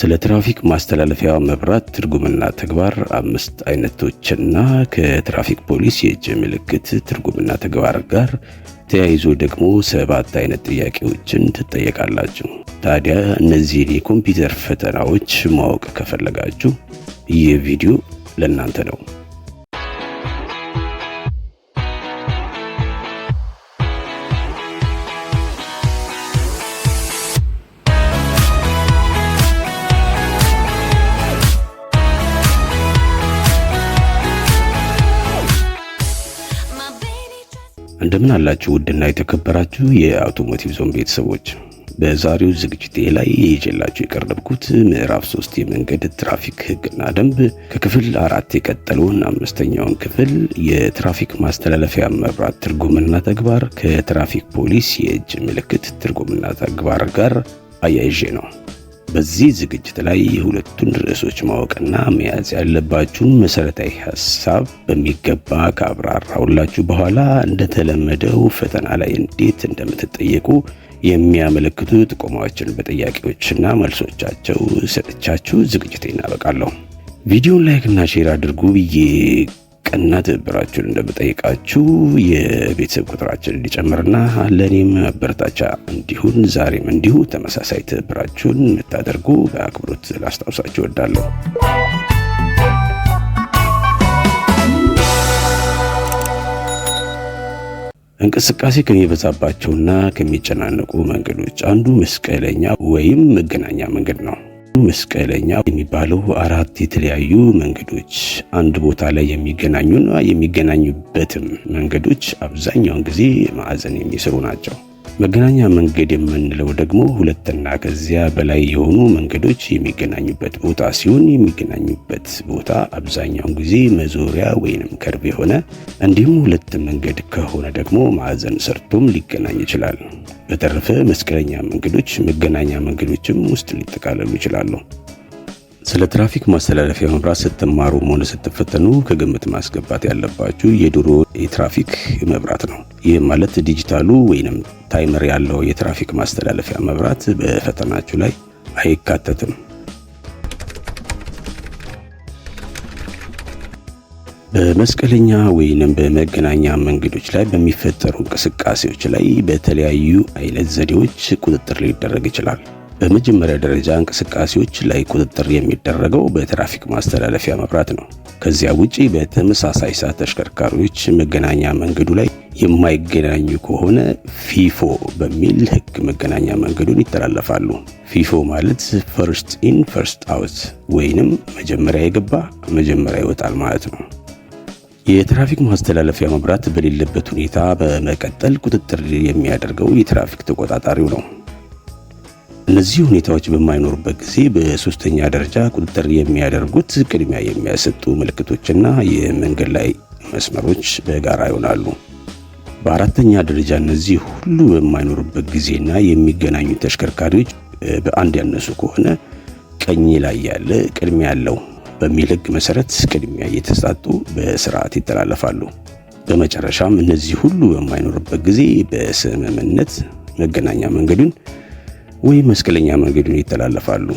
ስለ ትራፊክ ማስተላለፊያ መብራት ትርጉምና ተግባር አምስት አይነቶችና ከትራፊክ ፖሊስ የእጅ ምልክት ትርጉምና ተግባር ጋር ተያይዞ ደግሞ ሰባት አይነት ጥያቄዎችን ትጠየቃላችሁ። ታዲያ እነዚህን የኮምፒውተር ፈተናዎች ማወቅ ከፈለጋችሁ ይህ ቪዲዮ ለእናንተ ነው። እንደምን አላችሁ ውድና የተከበራችሁ የአውቶሞቲቭ ዞን ቤተሰቦች፣ በዛሬው ዝግጅቴ ላይ ይዤላችሁ የቀረብኩት ምዕራፍ ሶስት የመንገድ ትራፊክ ሕግና ደንብ ከክፍል አራት የቀጠለውን አምስተኛውን ክፍል የትራፊክ ማስተላለፊያ መብራት ትርጉምና ተግባር ከትራፊክ ፖሊስ የእጅ ምልክት ትርጉምና ተግባር ጋር አያይዤ ነው። በዚህ ዝግጅት ላይ የሁለቱን ርዕሶች ማወቅና መያዝ ያለባችሁን መሰረታዊ ሀሳብ በሚገባ ካብራራሁላችሁ በኋላ እንደተለመደው ፈተና ላይ እንዴት እንደምትጠየቁ የሚያመለክቱ ጥቆማዎችን በጥያቄዎችና መልሶቻቸው ሰጥቻችሁ ዝግጅት ይናበቃለሁ። ቪዲዮን ላይክና ሼር አድርጉ ብዬ ቀና ትብብራችሁን እንደምጠይቃችሁ የቤተሰብ ቁጥራችን እንዲጨምርና ለእኔም አበረታቻ እንዲሁን ዛሬም እንዲሁ ተመሳሳይ ትብብራችሁን የምታደርጉ በአክብሮት ላስታውሳችሁ እወዳለሁ። እንቅስቃሴ ከሚበዛባቸውና ከሚጨናነቁ መንገዶች አንዱ መስቀለኛ ወይም መገናኛ መንገድ ነው። መስቀለኛ የሚባሉ አራት የተለያዩ መንገዶች አንድ ቦታ ላይ የሚገናኙና የሚገናኙበትም መንገዶች አብዛኛውን ጊዜ ማዕዘን የሚስሩ ናቸው። መገናኛ መንገድ የምንለው ደግሞ ሁለትና ከዚያ በላይ የሆኑ መንገዶች የሚገናኙበት ቦታ ሲሆን የሚገናኙበት ቦታ አብዛኛውን ጊዜ መዞሪያ ወይንም ከርብ የሆነ እንዲሁም ሁለት መንገድ ከሆነ ደግሞ ማዕዘን ሰርቶም ሊገናኝ ይችላል። በተረፈ መስቀለኛ መንገዶች መገናኛ መንገዶችም ውስጥ ሊጠቃለሉ ይችላሉ። ስለ ትራፊክ ማስተላለፊያ መብራት ስትማሩ ሆነ ስትፈተኑ ከግምት ማስገባት ያለባችሁ የድሮ የትራፊክ መብራት ነው። ይህ ማለት ዲጂታሉ ወይንም ታይመር ያለው የትራፊክ ማስተላለፊያ መብራት በፈተናችሁ ላይ አይካተትም። በመስቀለኛ ወይንም በመገናኛ መንገዶች ላይ በሚፈጠሩ እንቅስቃሴዎች ላይ በተለያዩ አይነት ዘዴዎች ቁጥጥር ሊደረግ ይችላል። በመጀመሪያ ደረጃ እንቅስቃሴዎች ላይ ቁጥጥር የሚደረገው በትራፊክ ማስተላለፊያ መብራት ነው። ከዚያ ውጪ በተመሳሳይ ሰዓት ተሽከርካሪዎች መገናኛ መንገዱ ላይ የማይገናኙ ከሆነ ፊፎ በሚል ሕግ መገናኛ መንገዱን ይተላለፋሉ። ፊፎ ማለት ፈርስት ኢን ፈርስት አውት ወይንም መጀመሪያ የገባ መጀመሪያ ይወጣል ማለት ነው። የትራፊክ ማስተላለፊያ መብራት በሌለበት ሁኔታ በመቀጠል ቁጥጥር የሚያደርገው የትራፊክ ተቆጣጣሪው ነው። እነዚህ ሁኔታዎች በማይኖሩበት ጊዜ በሶስተኛ ደረጃ ቁጥጥር የሚያደርጉት ቅድሚያ የሚያሰጡ ምልክቶችና የመንገድ ላይ መስመሮች በጋራ ይሆናሉ። በአራተኛ ደረጃ እነዚህ ሁሉ በማይኖሩበት ጊዜና የሚገናኙ ተሽከርካሪዎች በአንድ ያነሱ ከሆነ ቀኝ ላይ ያለ ቅድሚያ ያለው በሚል ሕግ መሰረት ቅድሚያ እየተሰጣጡ በስርዓት ይተላለፋሉ። በመጨረሻም እነዚህ ሁሉ በማይኖሩበት ጊዜ በስምምነት መገናኛ መንገዱን ወይም መስቀለኛ መንገዱን ይተላለፋሉ።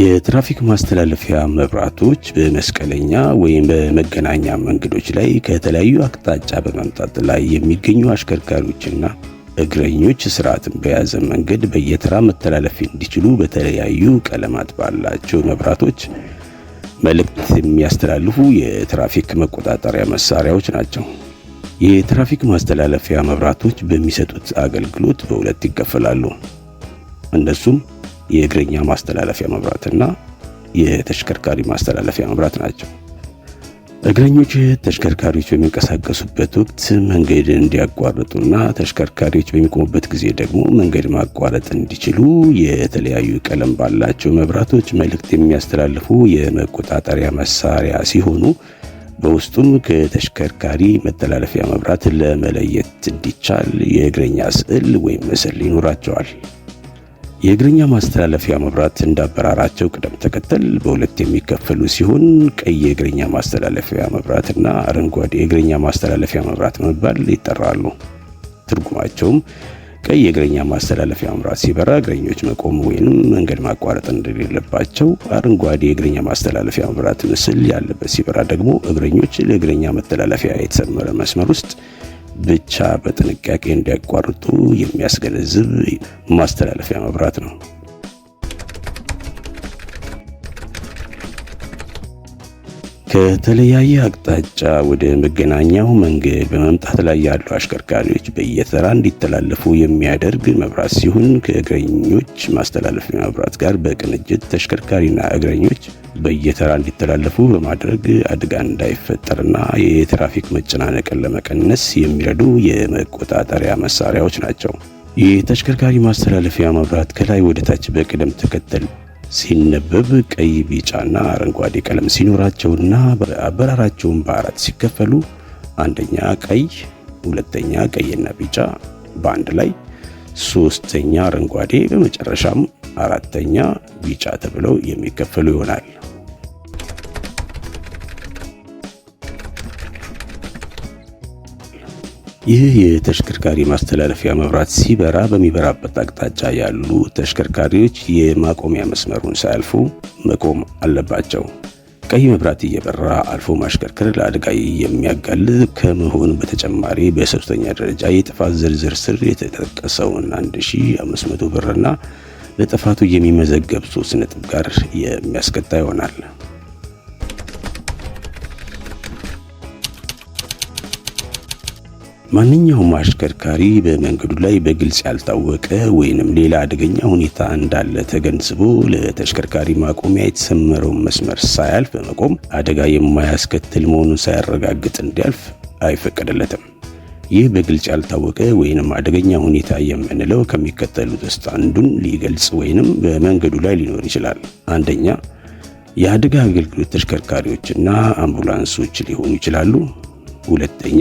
የትራፊክ ማስተላለፊያ መብራቶች በመስቀለኛ ወይም በመገናኛ መንገዶች ላይ ከተለያዩ አቅጣጫ በመምጣት ላይ የሚገኙ አሽከርካሪዎችና እግረኞች ስርዓትን በያዘ መንገድ በየተራ መተላለፍ እንዲችሉ በተለያዩ ቀለማት ባላቸው መብራቶች መልእክት የሚያስተላልፉ የትራፊክ መቆጣጠሪያ መሳሪያዎች ናቸው። የትራፊክ ማስተላለፊያ መብራቶች በሚሰጡት አገልግሎት በሁለት ይከፈላሉ። እነሱም የእግረኛ ማስተላለፊያ መብራትና የተሽከርካሪ ማስተላለፊያ መብራት ናቸው። እግረኞች ተሽከርካሪዎች በሚንቀሳቀሱበት ወቅት መንገድ እንዲያቋርጡና ተሽከርካሪዎች በሚቆሙበት ጊዜ ደግሞ መንገድ ማቋረጥ እንዲችሉ የተለያዩ ቀለም ባላቸው መብራቶች መልእክት የሚያስተላልፉ የመቆጣጠሪያ መሳሪያ ሲሆኑ በውስጡም ከተሽከርካሪ መተላለፊያ መብራት ለመለየት እንዲቻል የእግረኛ ስዕል ወይም ምስል ይኖራቸዋል። የእግረኛ ማስተላለፊያ መብራት እንዳበራራቸው ቅደም ተከተል በሁለት የሚከፈሉ ሲሆን ቀይ የእግረኛ ማስተላለፊያ መብራትና አረንጓዴ የእግረኛ ማስተላለፊያ መብራት በመባል ይጠራሉ። ትርጉማቸውም ቀይ የእግረኛ ማስተላለፊያ መብራት ሲበራ እግረኞች መቆም ወይንም መንገድ ማቋረጥ እንደሌለባቸው፣ አረንጓዴ የእግረኛ ማስተላለፊያ መብራት ምስል ያለበት ሲበራ ደግሞ እግረኞች ለእግረኛ መተላለፊያ የተሰመረ መስመር ውስጥ ብቻ በጥንቃቄ እንዲያቋርጡ የሚያስገነዝብ ማስተላለፊያ መብራት ነው። ከተለያየ አቅጣጫ ወደ መገናኛው መንገድ በመምጣት ላይ ያሉ አሽከርካሪዎች በየተራ እንዲተላለፉ የሚያደርግ መብራት ሲሆን ከእግረኞች ማስተላለፊያ መብራት ጋር በቅንጅት ተሽከርካሪና እግረኞች በየተራ እንዲተላለፉ በማድረግ አደጋ እንዳይፈጠርና የትራፊክ መጨናነቅን ለመቀነስ የሚረዱ የመቆጣጠሪያ መሳሪያዎች ናቸው። የተሽከርካሪ ማስተላለፊያ መብራት ከላይ ወደ ታች በቅደም ተከተል ሲነበብ ቀይ ቢጫና አረንጓዴ ቀለም ሲኖራቸውና አበራራቸውን በአራት ሲከፈሉ አንደኛ ቀይ፣ ሁለተኛ ቀይና ቢጫ በአንድ ላይ፣ ሶስተኛ አረንጓዴ፣ በመጨረሻም አራተኛ ቢጫ ተብለው የሚከፈሉ ይሆናል። ይህ የተሽከርካሪ ማስተላለፊያ መብራት ሲበራ በሚበራበት አቅጣጫ ያሉ ተሽከርካሪዎች የማቆሚያ መስመሩን ሳያልፉ መቆም አለባቸው። ቀይ መብራት እየበራ አልፎ ማሽከርከር ለአደጋ የሚያጋልጥ ከመሆኑ በተጨማሪ በሶስተኛ ደረጃ የጥፋት ዝርዝር ስር የተጠቀሰውን 1500 ብርና ለጥፋቱ የሚመዘገብ ሶስት ነጥብ ጋር የሚያስቀጣ ይሆናል። ማንኛውም አሽከርካሪ በመንገዱ ላይ በግልጽ ያልታወቀ ወይንም ሌላ አደገኛ ሁኔታ እንዳለ ተገንዝቦ ለተሽከርካሪ ማቆሚያ የተሰመረውን መስመር ሳያልፍ በመቆም አደጋ የማያስከትል መሆኑን ሳያረጋግጥ እንዲያልፍ አይፈቀደለትም። ይህ በግልጽ ያልታወቀ ወይንም አደገኛ ሁኔታ የምንለው ከሚከተሉት ውስጥ አንዱን ሊገልጽ ወይንም በመንገዱ ላይ ሊኖር ይችላል። አንደኛ የአደጋ አገልግሎት ተሽከርካሪዎችና አምቡላንሶች ሊሆኑ ይችላሉ። ሁለተኛ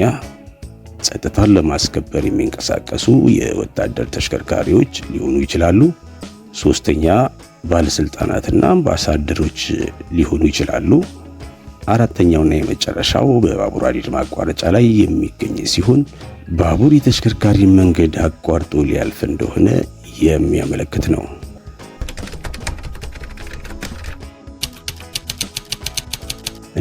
ጸጥታን ለማስከበር የሚንቀሳቀሱ የወታደር ተሽከርካሪዎች ሊሆኑ ይችላሉ። ሶስተኛ ባለስልጣናትና አምባሳደሮች ሊሆኑ ይችላሉ። አራተኛውና የመጨረሻው በባቡር ሐዲድ ማቋረጫ ላይ የሚገኝ ሲሆን ባቡር የተሽከርካሪ መንገድ አቋርጦ ሊያልፍ እንደሆነ የሚያመለክት ነው።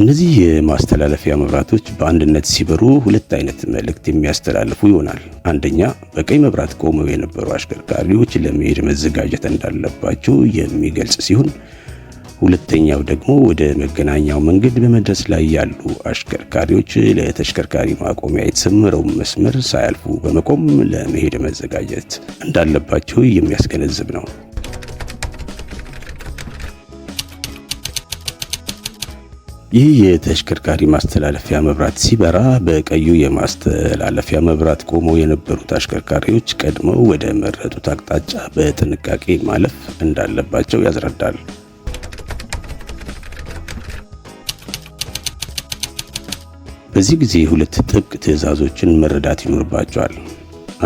እነዚህ የማስተላለፊያ መብራቶች በአንድነት ሲበሩ ሁለት አይነት መልእክት የሚያስተላልፉ ይሆናል። አንደኛ በቀይ መብራት ቆመው የነበሩ አሽከርካሪዎች ለመሄድ መዘጋጀት እንዳለባቸው የሚገልጽ ሲሆን፣ ሁለተኛው ደግሞ ወደ መገናኛው መንገድ በመድረስ ላይ ያሉ አሽከርካሪዎች ለተሽከርካሪ ማቆሚያ የተሰመረውን መስመር ሳያልፉ በመቆም ለመሄድ መዘጋጀት እንዳለባቸው የሚያስገነዝብ ነው። ይህ የተሽከርካሪ ማስተላለፊያ መብራት ሲበራ በቀዩ የማስተላለፊያ መብራት ቆመው የነበሩት አሽከርካሪዎች ቀድመው ወደ መረጡት አቅጣጫ በጥንቃቄ ማለፍ እንዳለባቸው ያስረዳል። በዚህ ጊዜ ሁለት ጥብቅ ትዕዛዞችን መረዳት ይኖርባቸዋል።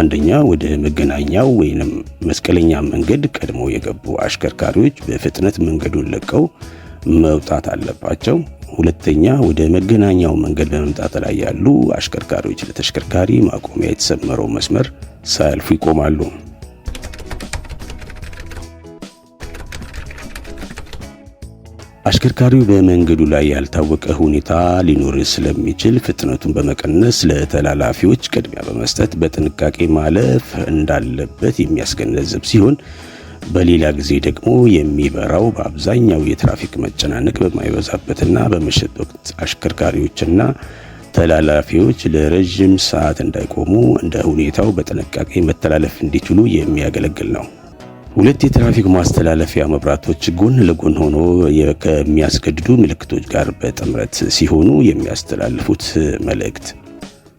አንደኛ ወደ መገናኛው ወይንም መስቀለኛ መንገድ ቀድመው የገቡ አሽከርካሪዎች በፍጥነት መንገዱን ለቀው መውጣት አለባቸው። ሁለተኛ ወደ መገናኛው መንገድ በመምጣት ላይ ያሉ አሽከርካሪዎች ለተሽከርካሪ ማቆሚያ የተሰመረው መስመር ሳያልፉ ይቆማሉ። አሽከርካሪው በመንገዱ ላይ ያልታወቀ ሁኔታ ሊኖር ስለሚችል ፍጥነቱን በመቀነስ ለተላላፊዎች ቅድሚያ በመስጠት በጥንቃቄ ማለፍ እንዳለበት የሚያስገነዝብ ሲሆን በሌላ ጊዜ ደግሞ የሚበራው በአብዛኛው የትራፊክ መጨናነቅ በማይበዛበትና በምሽት ወቅት አሽከርካሪዎችና ተላላፊዎች ለረዥም ሰዓት እንዳይቆሙ እንደ ሁኔታው በጥንቃቄ መተላለፍ እንዲችሉ የሚያገለግል ነው። ሁለት የትራፊክ ማስተላለፊያ መብራቶች ጎን ለጎን ሆኖ ከሚያስገድዱ ምልክቶች ጋር በጥምረት ሲሆኑ የሚያስተላልፉት መልእክት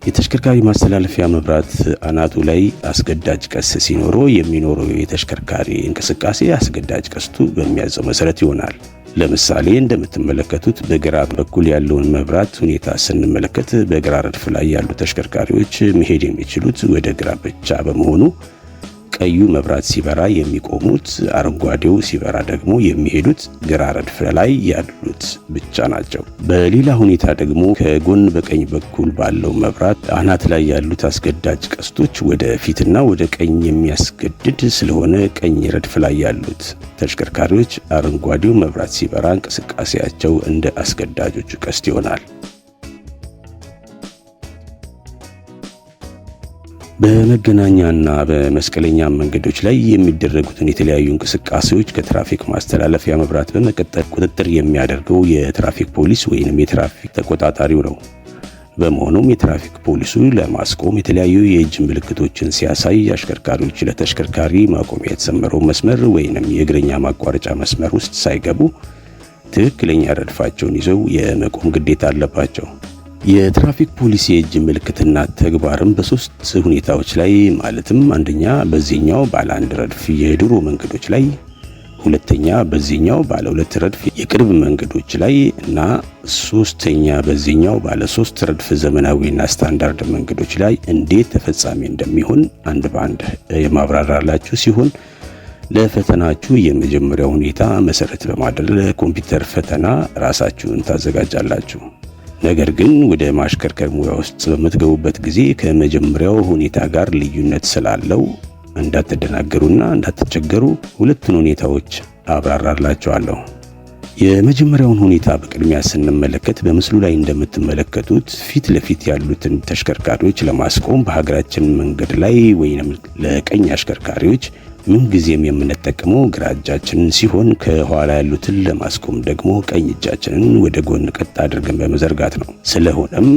የተሽከርካሪ ማስተላለፊያ መብራት አናቱ ላይ አስገዳጅ ቀስ ሲኖረው የሚኖረው የተሽከርካሪ እንቅስቃሴ አስገዳጅ ቀስቱ በሚያዘው መሰረት ይሆናል። ለምሳሌ እንደምትመለከቱት በግራ በኩል ያለውን መብራት ሁኔታ ስንመለከት በግራ ረድፍ ላይ ያሉ ተሽከርካሪዎች መሄድ የሚችሉት ወደ ግራ ብቻ በመሆኑ ቀዩ መብራት ሲበራ የሚቆሙት፣ አረንጓዴው ሲበራ ደግሞ የሚሄዱት ግራ ረድፍ ላይ ያሉት ብቻ ናቸው። በሌላ ሁኔታ ደግሞ ከጎን በቀኝ በኩል ባለው መብራት አናት ላይ ያሉት አስገዳጅ ቀስቶች ወደ ፊትና ወደ ቀኝ የሚያስገድድ ስለሆነ ቀኝ ረድፍ ላይ ያሉት ተሽከርካሪዎች አረንጓዴው መብራት ሲበራ እንቅስቃሴያቸው እንደ አስገዳጆቹ ቀስት ይሆናል። በመገናኛና በመስቀለኛ መንገዶች ላይ የሚደረጉትን የተለያዩ እንቅስቃሴዎች ከትራፊክ ማስተላለፊያ መብራት በመቀጠል ቁጥጥር የሚያደርገው የትራፊክ ፖሊስ ወይንም የትራፊክ ተቆጣጣሪው ነው። በመሆኑም የትራፊክ ፖሊሱ ለማስቆም የተለያዩ የእጅ ምልክቶችን ሲያሳይ አሽከርካሪዎች ለተሽከርካሪ ማቆሚያ የተሰመረው መስመር ወይንም የእግረኛ ማቋረጫ መስመር ውስጥ ሳይገቡ ትክክለኛ ረድፋቸውን ይዘው የመቆም ግዴታ አለባቸው። የትራፊክ ፖሊስ የእጅ ምልክትና ተግባርም በሶስት ሁኔታዎች ላይ ማለትም አንደኛ በዚህኛው ባለ አንድ ረድፍ የድሮ መንገዶች ላይ፣ ሁለተኛ በዚህኛው ባለ ሁለት ረድፍ የቅርብ መንገዶች ላይ እና ሶስተኛ በዚህኛው ባለ ሶስት ረድፍ ዘመናዊና ስታንዳርድ መንገዶች ላይ እንዴት ተፈጻሚ እንደሚሆን አንድ በአንድ የማብራራላችሁ ሲሆን ለፈተናችሁ የመጀመሪያ ሁኔታ መሰረት በማድረግ ለኮምፒውተር ፈተና ራሳችሁን ታዘጋጃላችሁ። ነገር ግን ወደ ማሽከርከር ሙያ ውስጥ በምትገቡበት ጊዜ ከመጀመሪያው ሁኔታ ጋር ልዩነት ስላለው እንዳትደናገሩና እንዳትቸገሩ ሁለቱን ሁኔታዎች አብራራላቸዋለሁ። የመጀመሪያውን ሁኔታ በቅድሚያ ስንመለከት በምስሉ ላይ እንደምትመለከቱት ፊት ለፊት ያሉትን ተሽከርካሪዎች ለማስቆም በሀገራችን መንገድ ላይ ወይም ለቀኝ አሽከርካሪዎች ምንጊዜም የምንጠቀመው ግራ እጃችንን ሲሆን ከኋላ ያሉትን ለማስቆም ደግሞ ቀኝ እጃችንን ወደ ጎን ቀጥ አድርገን በመዘርጋት ነው። ስለሆነም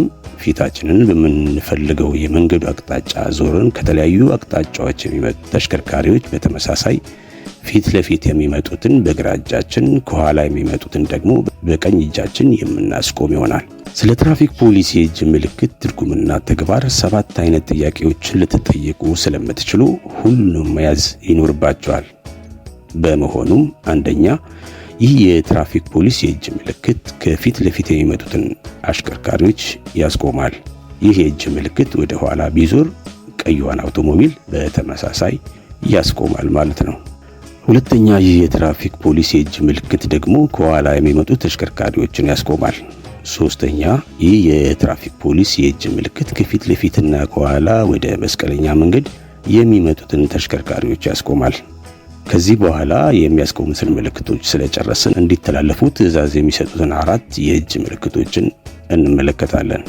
ፊታችንን በምንፈልገው የመንገዱ አቅጣጫ ዞረን ከተለያዩ አቅጣጫዎች የሚመጡ ተሽከርካሪዎች በተመሳሳይ ፊት ለፊት የሚመጡትን በግራ እጃችን፣ ከኋላ የሚመጡትን ደግሞ በቀኝ እጃችን የምናስቆም ይሆናል። ስለ ትራፊክ ፖሊሲ የእጅ ምልክት ትርጉምና ተግባር ሰባት አይነት ጥያቄዎችን ልትጠየቁ ስለምትችሉ ሁሉም መያዝ ይኖርባቸዋል። በመሆኑም አንደኛ ይህ የትራፊክ ፖሊስ የእጅ ምልክት ከፊት ለፊት የሚመጡትን አሽከርካሪዎች ያስቆማል። ይህ የእጅ ምልክት ወደ ኋላ ቢዞር ቀይዋን አውቶሞቢል በተመሳሳይ ያስቆማል ማለት ነው። ሁለተኛ ይህ የትራፊክ ፖሊስ የእጅ ምልክት ደግሞ ከኋላ የሚመጡ ተሽከርካሪዎችን ያስቆማል። ሶስተኛ ይህ የትራፊክ ፖሊስ የእጅ ምልክት ከፊት ለፊትና ከኋላ ወደ መስቀለኛ መንገድ የሚመጡትን ተሽከርካሪዎች ያስቆማል። ከዚህ በኋላ የሚያስቆሙትን ምልክቶች ስለጨረስን እንዲተላለፉ ትዕዛዝ የሚሰጡትን አራት የእጅ ምልክቶችን እንመለከታለን።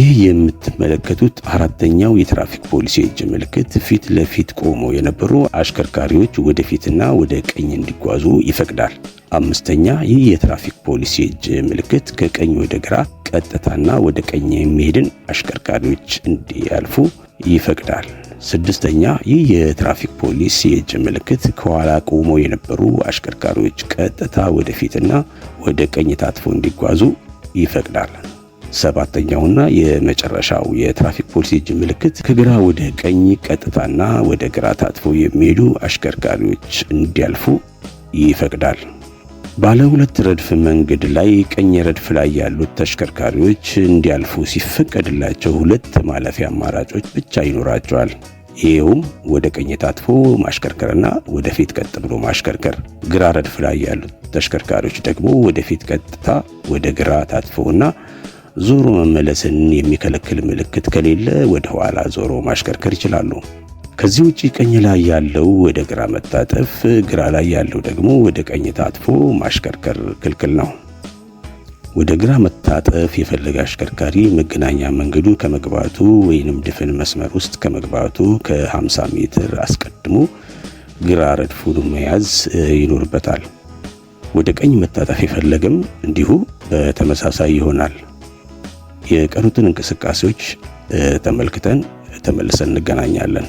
ይህ የምትመለከቱት አራተኛው የትራፊክ ፖሊስ የእጅ ምልክት ፊት ለፊት ቆሞ የነበሩ አሽከርካሪዎች ወደፊትና ወደ ቀኝ እንዲጓዙ ይፈቅዳል። አምስተኛ ይህ የትራፊክ ፖሊስ የእጅ ምልክት ከቀኝ ወደ ግራ ቀጥታና ወደ ቀኝ የሚሄድን አሽከርካሪዎች እንዲያልፉ ይፈቅዳል። ስድስተኛ ይህ የትራፊክ ፖሊስ የእጅ ምልክት ከኋላ ቆመው የነበሩ አሽከርካሪዎች ቀጥታ ወደፊትና ወደ ቀኝ ታጥፎ እንዲጓዙ ይፈቅዳል። ሰባተኛውና የመጨረሻው የትራፊክ ፖሊስ የእጅ ምልክት ከግራ ወደ ቀኝ ቀጥታና ወደ ግራ ታጥፎ የሚሄዱ አሽከርካሪዎች እንዲያልፉ ይፈቅዳል። ባለ ሁለት ረድፍ መንገድ ላይ ቀኝ ረድፍ ላይ ያሉት ተሽከርካሪዎች እንዲያልፉ ሲፈቀድላቸው ሁለት ማለፊያ አማራጮች ብቻ ይኖራቸዋል። ይሄውም ወደ ቀኝ ታጥፎ ማሽከርከርና ወደፊት ቀጥ ብሎ ማሽከርከር። ግራ ረድፍ ላይ ያሉት ተሽከርካሪዎች ደግሞ ወደፊት ቀጥታ ወደ ግራ ታጥፎና ዞሮ መመለስን የሚከለክል ምልክት ከሌለ ወደ ኋላ ዞሮ ማሽከርከር ይችላሉ። ከዚህ ውጪ ቀኝ ላይ ያለው ወደ ግራ መታጠፍ፣ ግራ ላይ ያለው ደግሞ ወደ ቀኝ ታጥፎ ማሽከርከር ክልክል ነው። ወደ ግራ መታጠፍ የፈለገ አሽከርካሪ መገናኛ መንገዱ ከመግባቱ ወይንም ድፍን መስመር ውስጥ ከመግባቱ ከ50 ሜትር አስቀድሞ ግራ ረድፉን መያዝ ይኖርበታል። ወደ ቀኝ መታጠፍ የፈለገም እንዲሁ በተመሳሳይ ይሆናል። የቀሩትን እንቅስቃሴዎች ተመልክተን ተመልሰን እንገናኛለን።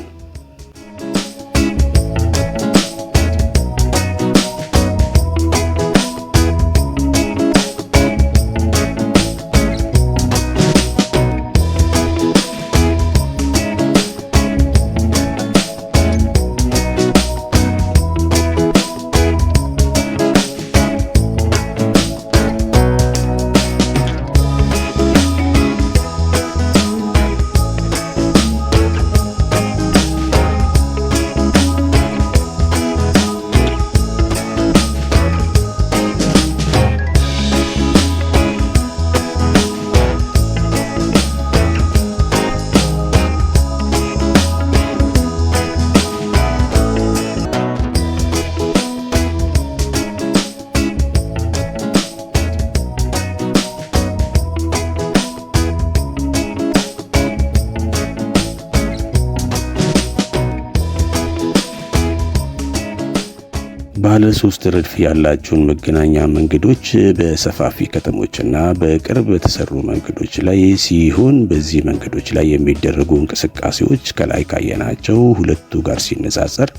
ሶስት ረድፍ ያላቸውን መገናኛ መንገዶች በሰፋፊ ከተሞችና በቅርብ በተሰሩ መንገዶች ላይ ሲሆን በዚህ መንገዶች ላይ የሚደረጉ እንቅስቃሴዎች ከላይ ካየናቸው ሁለቱ ጋር ሲነጻጸር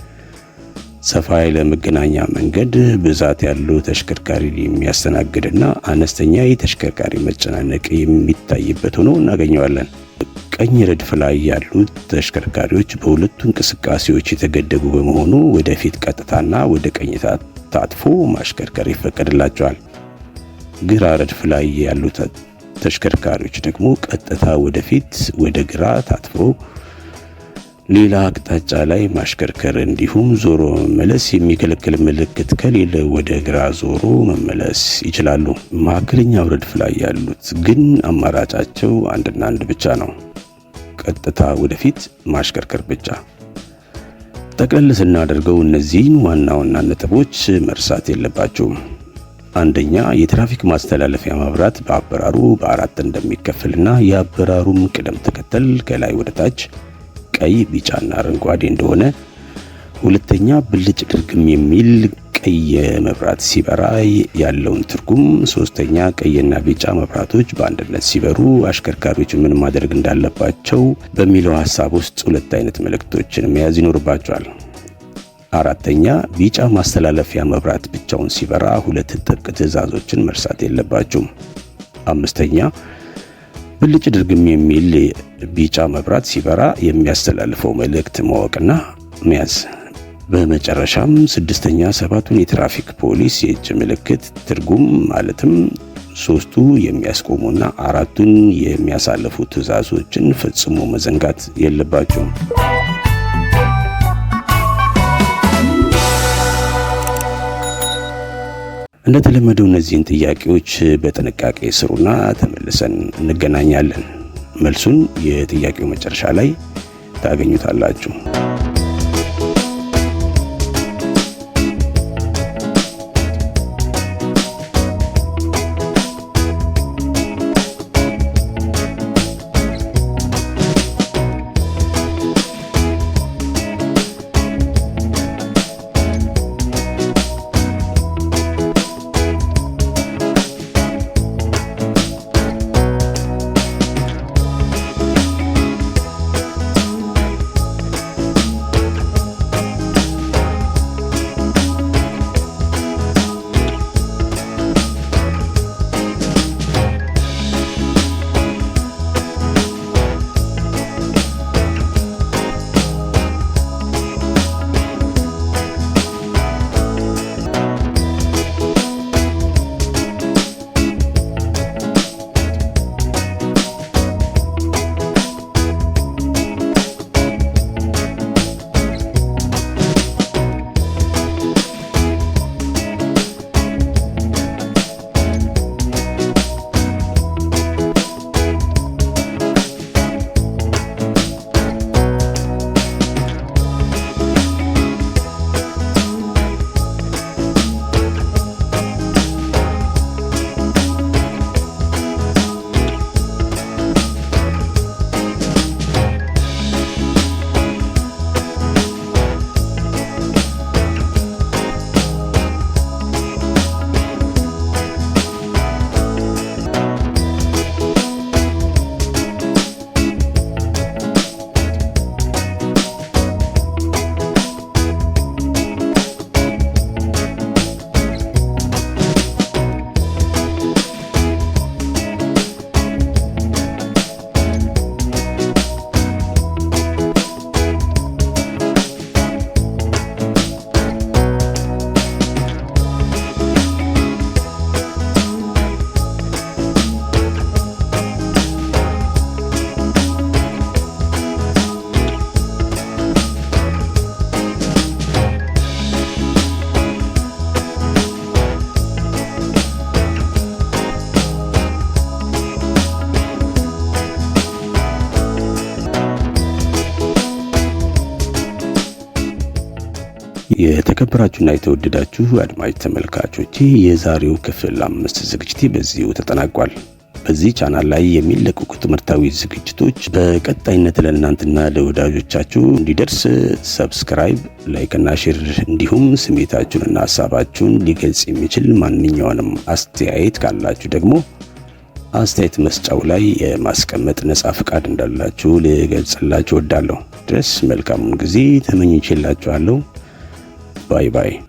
ሰፋ ያለ መገናኛ መንገድ ብዛት ያለው ተሽከርካሪ የሚያስተናግድና አነስተኛ የተሽከርካሪ መጨናነቅ የሚታይበት ሆኖ እናገኘዋለን። ቀኝ ረድፍ ላይ ያሉት ተሽከርካሪዎች በሁለቱ እንቅስቃሴዎች የተገደቡ በመሆኑ ወደፊት ቀጥታና ወደ ቀኝታት ታጥፎ ማሽከርከር ይፈቀድላቸዋል። ግራ ረድፍ ላይ ያሉ ተሽከርካሪዎች ደግሞ ቀጥታ ወደፊት ወደ ግራ ታጥፎ ሌላ አቅጣጫ ላይ ማሽከርከር እንዲሁም ዞሮ መመለስ የሚከለክል ምልክት ከሌለ ወደ ግራ ዞሮ መመለስ ይችላሉ። መካከለኛው ረድፍ ላይ ያሉት ግን አማራጫቸው አንድና አንድ ብቻ ነው፣ ቀጥታ ወደፊት ማሽከርከር ብቻ። ጠቅለል ስናደርገው እነዚህን ዋና ዋና ነጥቦች መርሳት የለባቸውም። አንደኛ የትራፊክ ማስተላለፊያ መብራት በአበራሩ በአራት እንደሚከፈልና የአበራሩም ቅደም ተከተል ከላይ ወደ ታች ቀይ፣ ቢጫና አረንጓዴ እንደሆነ። ሁለተኛ ብልጭ ድርግም የሚል ቀይ መብራት ሲበራ ያለውን ትርጉም፣ ሶስተኛ ቀይና ቢጫ መብራቶች በአንድነት ሲበሩ አሽከርካሪዎች ምን ማድረግ እንዳለባቸው በሚለው ሀሳብ ውስጥ ሁለት አይነት መልእክቶችን መያዝ ይኖርባቸዋል። አራተኛ ቢጫ ማስተላለፊያ መብራት ብቻውን ሲበራ ሁለት ጥብቅ ትዕዛዞችን መርሳት የለባቸውም። አምስተኛ ብልጭ ድርግም የሚል ቢጫ መብራት ሲበራ የሚያስተላልፈው መልእክት ማወቅና መያዝ በመጨረሻም ስድስተኛ ሰባቱን የትራፊክ ፖሊስ የእጅ ምልክት ትርጉም ማለትም ሶስቱ የሚያስቆሙና አራቱን የሚያሳልፉ ትዕዛዞችን ፈጽሞ መዘንጋት የለባቸውም። እንደተለመደው እነዚህን ጥያቄዎች በጥንቃቄ ስሩና ተመልሰን እንገናኛለን። መልሱን የጥያቄው መጨረሻ ላይ ታገኙታላችሁ። የተከበራችሁና የተወደዳችሁ አድማጭ ተመልካቾቼ የዛሬው ክፍል አምስት ዝግጅቴ በዚሁ ተጠናቋል። በዚህ ቻናል ላይ የሚለቀቁ ትምህርታዊ ዝግጅቶች በቀጣይነት ለእናንትና ለወዳጆቻችሁ እንዲደርስ ሰብስክራይብ፣ ላይክና ሼር እንዲሁም ስሜታችሁንና ሀሳባችሁን ሊገልጽ የሚችል ማንኛውንም አስተያየት ካላችሁ ደግሞ አስተያየት መስጫው ላይ የማስቀመጥ ነጻ ፍቃድ እንዳላችሁ ልገልጽላችሁ ወዳለሁ። ድረስ መልካሙን ጊዜ ተመኝቼላችኋለሁ። Bye bye.